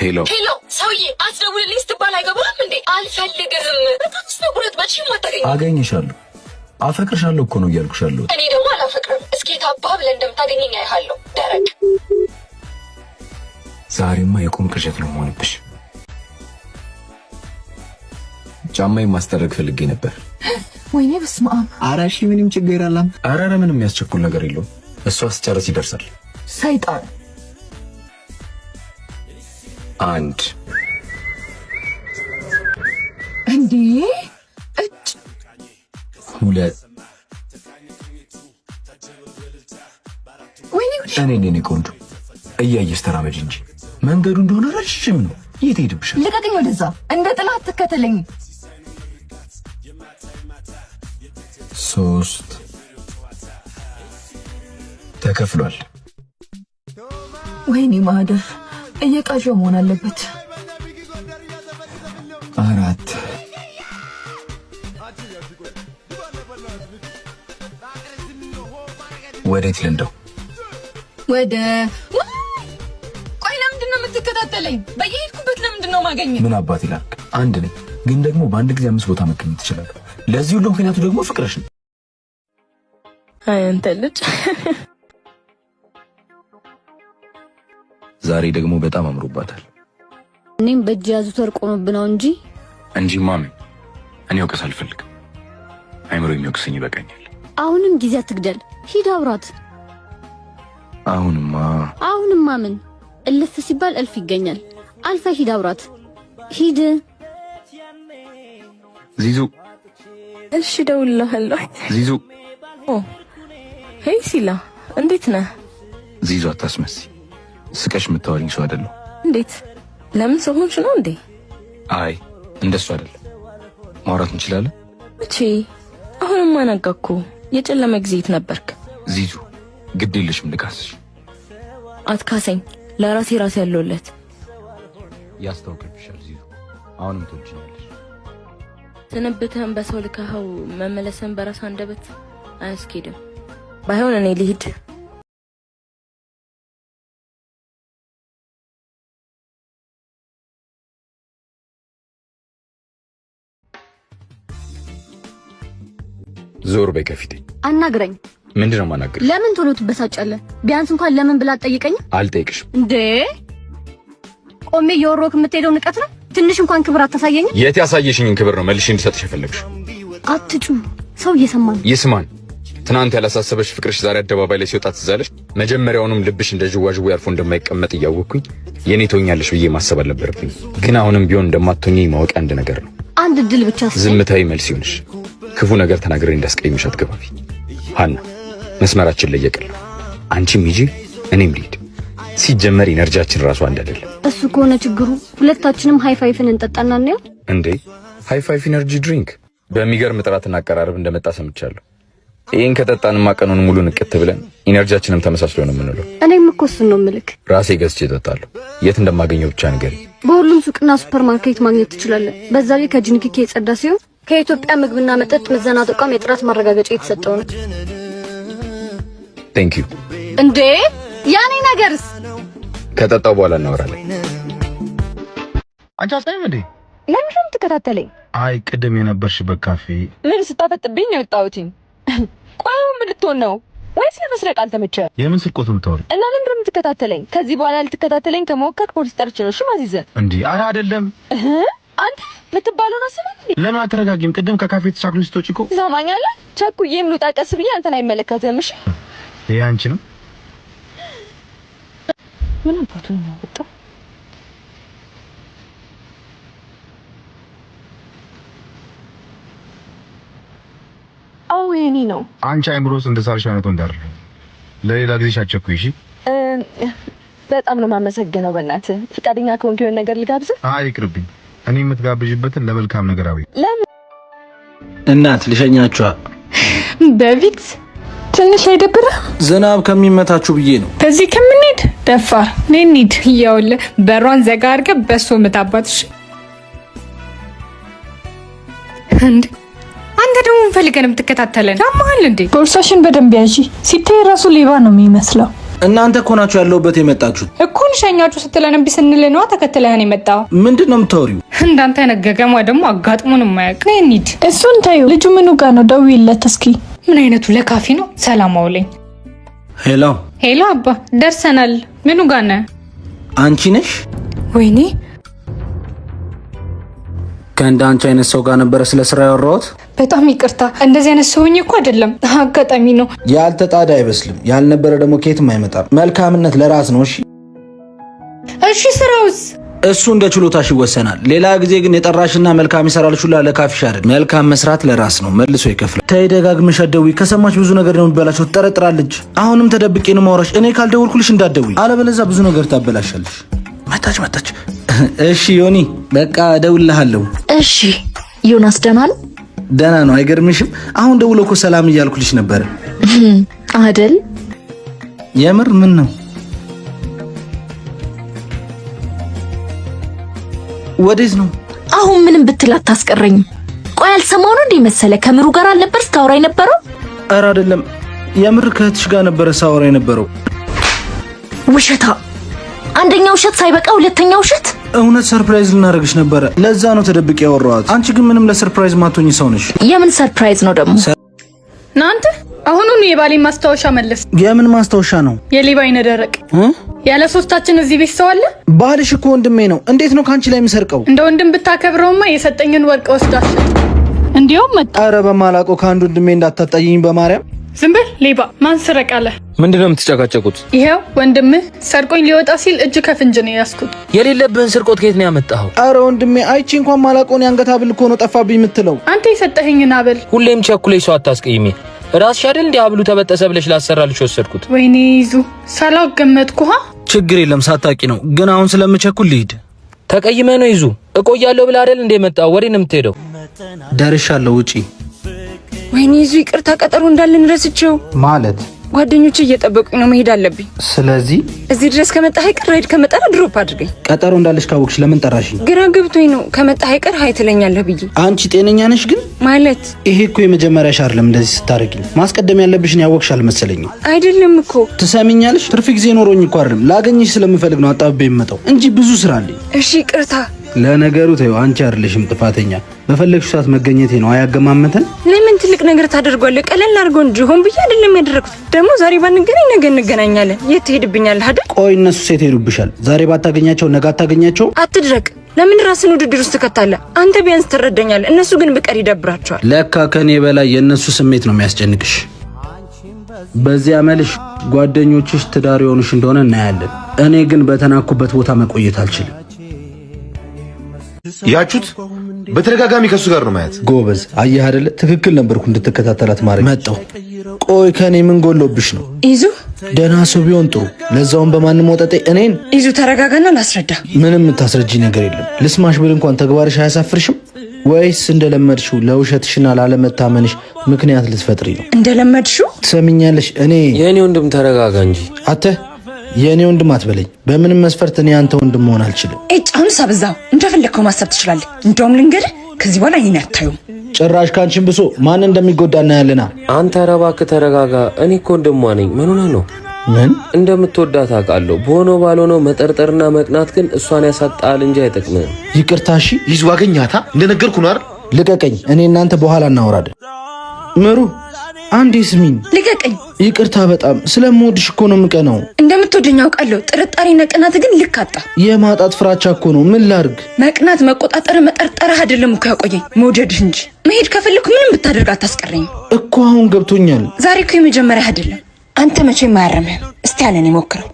ሄሎ ሄሎ፣ ሰውዬ አስደውልልኝ ስትባል አይገባም እንዴ? አልፈልግህም። በጣም ስተጉረት መቼ ማታገኝ አገኝሻለሁ። አፈቅርሻለሁ እኮ ነው እያልኩሻለሁ። እኔ ደግሞ አላፈቅርም። እስኪ ታባ ብለህ እንደምታገኘኝ አይሃለሁ። ደረቅ፣ ዛሬማ የቁም ቅዠት ነው መሆንብሽ። ጫማዬን ማስጠረግ ፈልጌ ነበር። ወይኔ በስመ አብ። ኧረ እሺ፣ ምንም ችግር የለም። ኧረ ምንም የሚያስቸኩል ነገር የለውም። እሷ ስጨርስ ይደርሳል። ሰይጣን አንድ እንዴ እጭ ሁለት ወይኔ እኔ ነኝ ቆንጆ እያየሽ ተራመጅ እንጂ መንገዱ እንደሆነ ረጅም ነው የት ሄድብሻል ልቀቅኝ ወደዛ እንደ ጥላ ትከተለኝ ሶስት ተከፍሏል ወይኔ ማደፍ እየቃዠው መሆን አለበት። አራት ወዴት ልንደው? ወደ ቆይ፣ ለምንድን ነው የምትከታተለኝ? በየሄድኩበት ለምንድን ነው ማገኘ? ምን አባት ይላል። አንድ ነኝ፣ ግን ደግሞ በአንድ ጊዜ አምስት ቦታ መገኘት ትችላለህ። ለዚህ ሁሉ ምክንያቱ ደግሞ ፍቅረሽ ነው። አንተ ልጅ ዛሬ ደግሞ በጣም አምሮባታል። እኔም በእጅ ያዙ ተርቆምብ ነው እንጂ እንጂ ማሚ እኔ ወቀስ አልፈልግም። አይምሮ የሚወቅሰኝ ይበቃኛል። አሁንም ጊዜ አትግደል፣ ሂድ አውራት። አሁንማ አሁንማ ምን እልፍ ሲባል እልፍ ይገኛል። አልፈ ሂድ አውራት፣ ሂድ ዚዙ። እሺ እደውልልሃለሁ። ዚዙ ሄይ፣ ሲላ እንዴት ነህ? ዚዙ አታስመሲ ስቀሽ የምታወሪኝ ሰው አይደለሁ። እንዴት? ለምን ሰው ሆንሽ ነው እንዴ? አይ እንደሱ አይደለም። ማውራት እንችላለን። እቺ አሁንማ ነጋኩ። የጨለመ ጊዜት ነበርክ። ዚዙ ግድ የለሽም ልካስሽ። አትካሰኝ። ለራሴ ራሴ ያለውለት ያስታውቅብሻል። ዚዙ አሁንም ትወጂኛለሽ። ስንብትህን በሰው ልካኸው መመለስን በራስ አንደበት አያስኬድም። ባይሆን እኔ ልሂድ። ዞር በይ ከፊቴ። አናግረኝ። ምንድን ነው የማናግርሽ? ለምን ቶሎ ትበሳጫለህ? ቢያንስ እንኳን ለምን ብላ አትጠይቀኝ። አልጠይቅሽም። እንዴ ቆሜ የወሮክ የምትሄደው ንቀት ነው። ትንሽ እንኳን ክብር አታሳየኝም። የት ያሳየሽኝን ክብር ነው መልሼ እንድሰጥሽ የፈለግሽው? አትጩ፣ ሰው እየሰማን ይስማን። ትናንት ያላሳሰበሽ ፍቅርሽ ዛሬ አደባባይ ላይ ሲወጣ ትዝ መጀመሪያውንም ልብሽ እንደ ዥዋዥዌ አልፎ እንደማይቀመጥ እያወቅኩኝ የኔ ትሆኛለሽ ብዬ ማሰብ አልነበረብኝ። ግን አሁንም ቢሆን እንደማትሆኚ ማወቅ አንድ ነገር ነው። አንድ ድል ብቻ ዝምታዊ መልስ ይሆንሽ ክፉ ነገር ተናግሬ እንዳስቀይምሽ አትገባቢ። ሀና መስመራችን ላይ የቀለው አንቺም ሂጂ እኔም ልሂድ። ሲጀመር ኢነርጂያችን ራሱ አንድ አይደለም። እሱ ከሆነ ችግሩ ሁለታችንም ሃይፋይፍን እንጠጣና እናየው። እንዴ ሃይፋይፍ ኢነርጂ ድሪንክ በሚገርም ጥራትና አቀራረብ እንደመጣ ሰምቻለሁ። ይህን ከጠጣንማ ቀኑን ሙሉ ንቅት ብለን ኢነርጂያችንም ተመሳስሎ ነው የምንለው። እኔም እኮ እሱን ነው ምልክ ራሴ ገዝቼ እጠጣለሁ። የት እንደማገኘው ብቻ ንገሪ። በሁሉም ሱቅና ሱፐርማርኬት ማግኘት ትችላለን። በዛ ላይ ከጂንኪኬ የጸዳ ሲሆን ከኢትዮጵያ ምግብና መጠጥ ምዘና ተቋም የጥራት ማረጋገጫ የተሰጠው ነው። ቴንክ ዩ። እንዴ ያኔ ነገርስ? ከጠጣው በኋላ እናወራለን። አንቺ አስተያየት እንዴ ለምን የምትከታተለኝ? አይ ቅድም የነበርሽበት ካፌ ምን ስታፈጥብኝ ነው የወጣሁትኝ። ቆይ ምን ልትሆን ነው? ወይስ ለመስረቅ አልተመቸ? የምን ስርቆት የምታወሪው? እና ለምን ነው የምትከታተለኝ? ከዚህ በኋላ ልትከታተለኝ ከመወከል ፖሊስ ጠርቼ ነው እሺ ማዚዘ። እንዴ አረ አይደለም አንተ ልትባለው ነው ስለ ለምን አትረጋጊም? ቅድም ከካፌ ተቻክሎ ስትወጪ እኮ ትሰማኛለህ። ቸኩዬም ልውጣ ቀስ ብዬ አንተን አይመለከትም። እሺ ይሄ አንቺ ነው። ምን አባቱ ነው ወጣ አው የኔ ነው። አንቺ አይምሮስ እንደሳርሽ አይነት ወንድ አይደለም። ለሌላ ጊዜ ሻቸኩኝ። እሺ በጣም ነው የማመሰግነው። በእናትህ ፍቃደኛ ከሆንክ የሆነ ነገር ልጋብዝህ። አይ ይቅርብኝ። እኔ የምትጋብዥበትን ለመልካም ነገራዊ እናት ልሸኛችኋ። በፊት ትንሽ አይደብረ ዝናብ ከሚመታችሁ ብዬ ነው። ከዚህ ከምንሄድ ደፋር ኔኒድ እያውለ በሯን ዘጋ አድርገ በሶ ምታባትሽ። እንዴ አንተ ደግሞ ፈልገን የምትከታተለን ያመሃል እንዴ? ቦርሳሽን በደንብ ያዥ ሲታይ ራሱ ሌባ ነው የሚመስለው። እናንተ እኮ ናችሁ ያለሁበት የመጣችሁት። እኩን ሸኛችሁ ስትለን እምቢ ስንል ነዋ ተከትለህን የመጣው። ምንድን ነው የምታወሪው? እንዳንተ ነገገማ ደግሞ አጋጥሞን የማያውቅ ኒድ። እሱን ታዩ። ልጁ ምኑ ጋር ነው? ደውይለት እስኪ። ምን አይነቱ ለካፊ ነው። ሰላም አውለኝ። ሄሎ ሄሎ። አባ ደርሰናል። ምኑ ጋር ነህ? አንቺ ነሽ? ወይኔ ከእንደ አንቺ አይነት ሰው ጋር ነበረ ስለ ስራ ያወራሁት በጣም ይቅርታ። እንደዚህ አይነት ሰውኝ እኮ አይደለም፣ አጋጣሚ ነው። ያልተጣደ አይበስልም፣ ያልነበረ ደግሞ ከየትም አይመጣም። መልካምነት ለራስ ነው። እሺ እሺ። ስራውስ እሱ እንደ ችሎታሽ ይወሰናል። ሌላ ጊዜ ግን የጠራሽና መልካም ይሰራልሽ ሁላ ለካፊሽ አይደል። መልካም መስራት ለራስ ነው፣ መልሶ ይከፍላል። ተይ ደጋግመሽ አትደውይ፣ ከሰማች ብዙ ነገር ነው የሚበላሸው፣ ትጠረጥራለች። አሁንም ተደብቄ ነው የማወራሽ። እኔ ካልደወልኩልሽ እንዳትደውይ፣ አለበለዚያ ብዙ ነገር ታበላሻለሽ። መታች መታች። እሺ ዮኒ፣ በቃ እደውልልሃለሁ። እሺ ዮናስ፣ ደህና ነው ደህና ነው አይገርምሽም? አሁን ደውሎ እኮ ሰላም እያልኩልሽ ነበረ አደል? የምር ምን ነው ወዴት ነው አሁን? ምንም ብትል አታስቀረኝም። ቆይ አልሰማው ነው እንዴ መሰለ። ከምሩ ጋር አልነበር ስታወራ የነበረው? ኧረ አይደለም፣ የምር ከእህትሽ ጋር ነበረ ሳወራ የነበረው። ውሸታ አንደኛው ውሸት ሳይበቃ ሁለተኛው ውሸት። እውነት ሰርፕራይዝ ልናደርግሽ ነበረ። ለዛ ነው ተደብቄ ያወራኋት። አንቺ ግን ምንም ለሰርፕራይዝ ማቶኝ ሰው ነሽ። የምን ሰርፕራይዝ ነው ደግሞ እናንተ? አሁኑኑ የባሌ ማስታወሻ መለስ። የምን ማስታወሻ ነው? የሌባ አይነ ደረቅ ያለ ሶስታችን እዚህ ቤት ሰው አለ? ባልሽ እኮ ወንድሜ ነው። እንዴት ነው ከአንቺ ላይ ምሰርቀው እንደ ወንድም ብታከብረውማ የሰጠኝን ወርቅ ወስዳሽ እንዲያውም መጣ። ኧረ በማላውቀው ከአንድ ወንድሜ እንዳታጣይኝ በማርያም። ዝም በል ሌባ። ማን ስረቃለህ? ምንድነው የምትጨቃጨቁት? ይሄው ወንድምህ ሰርቆኝ ሊወጣ ሲል እጅ ከፍንጅ ነው ያስኩት። የሌለብህን ስርቆት ከየት ነው ያመጣኸው? አረ ወንድሜ አይቺ እንኳን ማላቆን የአንገት ሀብል እኮ ነው ጠፋብኝ የምትለው። አንተ የሰጠኸኝን ሀብል ሁሌም ቸኩለሽ ሰው አታስቀይሜ። ራስሽ አይደል እንዲህ አብሉ ተበጠሰ ብለሽ ላሰራልሽ ወሰድኩት። ወይኔ ይዙ ሳላው ገመትኩሃ። ችግር የለም ሳታቂ ነው ግን አሁን ስለምቸኩል ልሂድ። ተቀይመ ነው ይዙ እቆያለሁ ብለህ አይደል እንደ መጣ ወዴ ነው የምትሄደው። ደርሻለሁ ውጪ። ወይኔ ይዙ ይቅርታ ቀጠሮ እንዳለን ረስቼው ማለት ጓደኞቼ እየጠበቁኝ ነው፣ መሄድ አለብኝ። ስለዚህ እዚህ ድረስ ከመጣህ አይቀር ራይድ ከመጠራ ድሮፕ አድርገኝ። ቀጠሮ እንዳለሽ ካወቅሽ ለምን ጠራሽኝ? ግራ ገብቶኝ ነው። ከመጣህ አይቀር ሀይ ትለኛለህ ብዬ። አንቺ ጤነኛ ነሽ ግን? ማለት ይሄ እኮ የመጀመሪያ አይደለም። እንደዚህ ስታደርጊኝ ማስቀደም ያለብሽን ያወቅሽ አልመሰለኝም። አይደለም እኮ ትሰሚኛለሽ፣ ትርፍ ጊዜ ኖሮኝ እኮ አይደለም ላገኝሽ ስለምፈልግ ነው አጣብቤ የምመጣው እንጂ ብዙ ስራ አለኝ። እሺ ቅርታ። ለነገሩ ተይው፣ አንቺ አይደለሽም ጥፋተኛ። በፈለግሽ ሰዓት መገኘቴ ነው። አያገማመተን ትልቅ ነገር ታደርጓለህ። ቀለል አድርጎ እንጂ ሆን ብዬ አይደለም ያደረኩት። ደግሞ ዛሬ ባንገናኝ ነገ እንገናኛለን። የት ትሄድብኛለህ አይደል? ቆይ እነሱ ሴት ሄዱብሻል። ዛሬ ባታገኛቸው ነገ አታገኛቸው። አትድረቅ። ለምን ራስን ውድድር ውስጥ ትከታለህ? አንተ ቢያንስ ትረዳኛለህ፣ እነሱ ግን ብቀር ይደብራቸዋል። ለካ ከኔ በላይ የእነሱ ስሜት ነው የሚያስጨንቅሽ። በዚህ አመልሽ ጓደኞችሽ ትዳር የሆኑሽ እንደሆነ እናያለን። እኔ ግን በተናኩበት ቦታ መቆየት አልችልም። ያችሁት በተደጋጋሚ ከሱ ጋር ነው ማየት። ጎበዝ አየህ አይደለ? ትክክል ነበርኩ። እንድትከታተላት ማድረግ መጣው። ቆይ ከኔ ምን ጎሎብሽ ነው? ይዙ ደህና ሰው ቢሆን ጥሩ፣ ለዛውን በማንም ወጠጤ እኔን። ይዙ ተረጋጋና ላስረዳ። ምንም የምታስረጂ ነገር የለም። ልስማሽ ብል እንኳን ተግባርሽ አያሳፍርሽም ወይስ እንደለመድሽው ለውሸትሽና ላለመታመንሽ ምክንያት ልትፈጥሪ ነው? እንደለመድሽው ትሰሚኛለሽ። እኔ የእኔ ወንድም ተረጋጋ እንጂ አተ የእኔ ወንድም አትበለኝ። በምንም መስፈርት እኔ አንተ ወንድም መሆን አልችልም። ኤጭ አሁን ሳብዛ እንደፈለግከው ማሰብ ትችላለህ። እንደውም ልንገርህ፣ ከዚህ በኋላ ይህን አታዩም። ጭራሽ ካንቺን ብሶ ማን እንደሚጎዳ እናያለና። አንተ ኧረ እባክህ ተረጋጋ። እኔ እኮ ወንድሟ ነኝ። ምን ሆነህ ነው? ምን እንደምትወዳት አውቃለሁ። በሆነው ባልሆነው መጠርጠርና መቅናት ግን እሷን ያሳጣል እንጂ አይጠቅምህም። ይቅርታ እሺ። ይዙ ዋገኛታ እንደነገርኩ ነው አይደል? ልቀቀኝ። እኔ እናንተ በኋላ እናወራለን። ምሩ አንዴ ስሚኝ፣ ልቀቀኝ። ይቅርታ በጣም ስለምወድሽ እኮ ነው የምቀናው። እንደምትወደኝ አውቃለሁ። ጥርጣሬና ቅናት ግን ልክ አጣ። የማጣት ፍራቻ እኮ ነው። ምን ላርግ? መቅናት፣ መቆጣጠር፣ መጠርጠር አይደለም እኮ ያቆየኝ መውደድህ እንጂ። መሄድ ከፈለኩ ምንም ብታደርግ አታስቀረኝ እኮ። አሁን ገብቶኛል። ዛሬ እኮ የመጀመሪያ አይደለም። አንተ መቼ ማያረምህም? እስቲ ያለን ይሞክረው